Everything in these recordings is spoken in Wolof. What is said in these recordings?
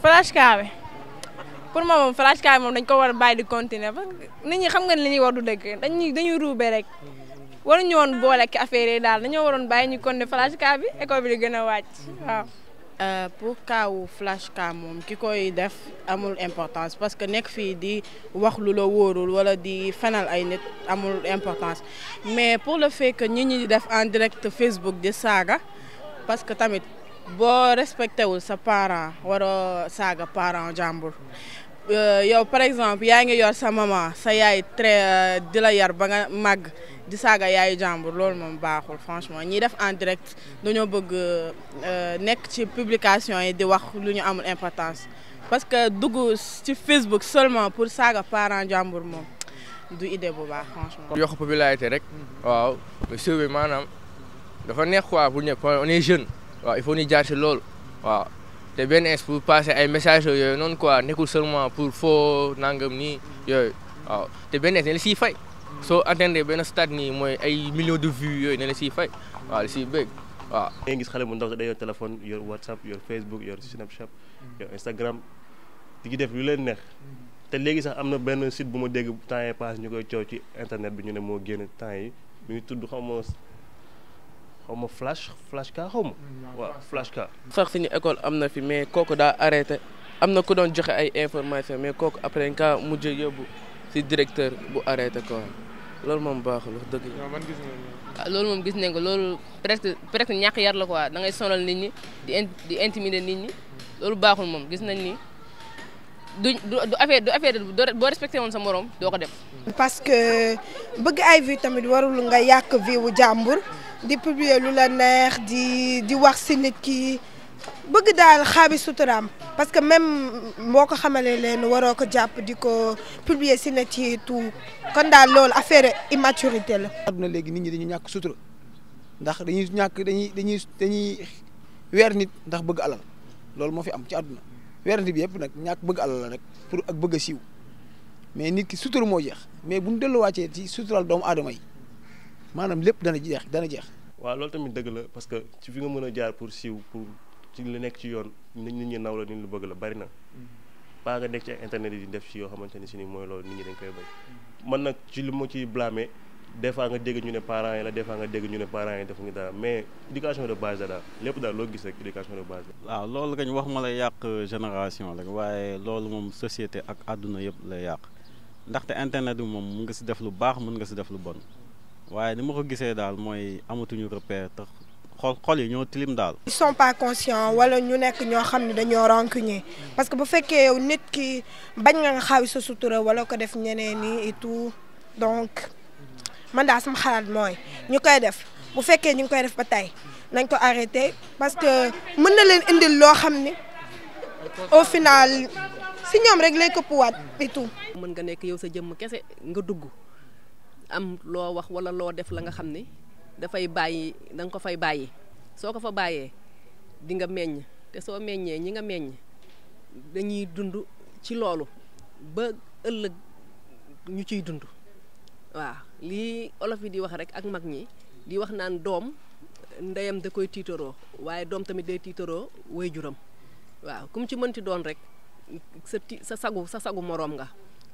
flash car bi pour moom moom flash car moom dañ ko war a bàyyi di continuer parce que nit ñi xam ni li ñuy war du dëgg dañuy dañuy ruube rek waruñu woon boole ak affaire yi daal dañoo waroon bàyyi ñu continuer flash car bi école bi di gën a wàcc waaw. Euh, pour kaawu flash car moom ki koy def amul importance parce que nekk fii di wax lu la wóorul wala di fanal ay nit amul importance mais pour le fait que ñi ñi def en direct Facebook de saaga parce que tamit. boo respecté wul sa parent waroo saaga parent jàmbur euh, yow par exemple yaa ngi yor sa maman sa yaay tre euh, di la yar ba nga màgg di saaga yaayu jàmbur loolu moom baaxul franchement ñiy def en direct dañoo bëgg euh, nekk ci publication yi di wax lu ñu amul importance parce que dugg ci Facebook seulement pour saaga parent jàmbur moom du idée bu baax franchement. yokk popularité rek. waaw. mais maanaam dafa nekk quoi bu ñu on est jeune. waaw il faut ñu jaar si loolu waaw te benn es pour passer ay message yooyu noonu quoi nekkul seulement pour foo nangam nii yooyu te benn es ne la siy fay soo atteindre benn stade nii mooy ay millions de vues yooyu ne la siy fay waaw la siy bëgg waaw. da ngay gis xale bu ndaw sax day yor téléphone yor WhatsApp yor Facebook yor Snapchat yor Instagram di ci def lu leen neex. te léegi sax am na benn site bu ma dégg temps yii paase ñu koy coow ci internet bi ñu ne moo génn temps yi ñu ngi tudd xam xaw ma flash flash ka xaw ma mm, waaw école am na fi mais kooku daa arrêté am na ku doon joxe ay information mais kooku après nga mujj yóbbu si directeur bu arrêté quoi loolu moom baaxul wax dëgg ah loolu moom gis nañ ko loolu presque presque ñàkk yar la ko da ngay sonal nit ñi di di intimider nit ñi loolu baaxul moom gis nañ ni du du affaire du affaire boo respecté woon sa morom doo ko def. parce que bëgg ay vie tamit warul nga yàq vie jàmbur. di publier lu la neex di di wax si nit ki bëgg daal xaabi suturaam parce que même moo ko xamalee leen waroo ko jàpp di ko publier si nit ci tout kon daal lool affaire immaturité la. na léegi nit ñi dañu ñàkk sutura ndax dañuy ñàkk dañuy dañuy dañuy weer nit ndax bëgg alal loolu moo fi am ci àdduna weer nit bi yëpp nag ñàkk bëgg alal la rek pour ak bëgg a siiw mais nit ki sutur moo jeex mais bu ñu delluwaatee ci suturaal doomu aadama yi. maanaam lépp dana jeex dana jeex. waaw loolu tamit dëgg la parce que ci fi nga mën a jaar pour siiw pour ci li nekk ci yoon nit ñi naw la nit lu bëgg la bari na baa mm-hmm. nga nekk ci internet def ci yoo xamante ni si ni mooy loolu nit ñi dañ koy bañ man nag ci li ma ciy blâmer des fois nga dégg ñu ne parents yi la des fois nga dégg ñu ne parents yi defuñu dara mais éducation de base daal lépp daal loo gis rek éducation de base la. waaw loolu kañ wax ma la yàq génération rek waaye loolu moom société ak àdduna yëpp la yàq ndaxte internet bi moom mun nga si def lu baax mun nga si def lu bon. waaye ni ma ko gisee daal mooy amatuñu repère tax xol xol yi ñoo tilim daal. ils sont pas conscients wala ñu nekk ñoo xam ne dañoo rancunier parce que bu fekkee yow nit ki bañ nga nga sa sutura wala ko def ñeneen nii et donc man daal sama xalaat mooy ñu koy def bu fekkee ñu ngi koy def ba tey nañ ko arrêté parce que mën na leen indil loo xam ne au final si ñoom rek lay këppuwaat et tout. mën nga nekk yow sa jëmm kese nga dugg. am loo wax wala loo def la nga xam ni dafay bàyyi da ko fay bàyyi soo ko fa bàyyee dinga meññ te soo meññee ñi nga meññ dañuy dund ci loolu ba ëllëg ñu ciy dund waaw lii olof yi di wax rek ak mag ñi di wax naan doom ndeyam da koy tiitaroo waaye doom tamit day tiitaroo waajuram waaw kum ci mënti doon rek sa ti sa sagu sa sagu moroom nga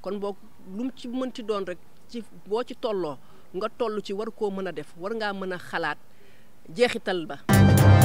kon boo lu mu ci mënti doon rek ci boo ci tolloo nga tollu ci war koo mën a def war ngaa mën a xalaat jeexital ba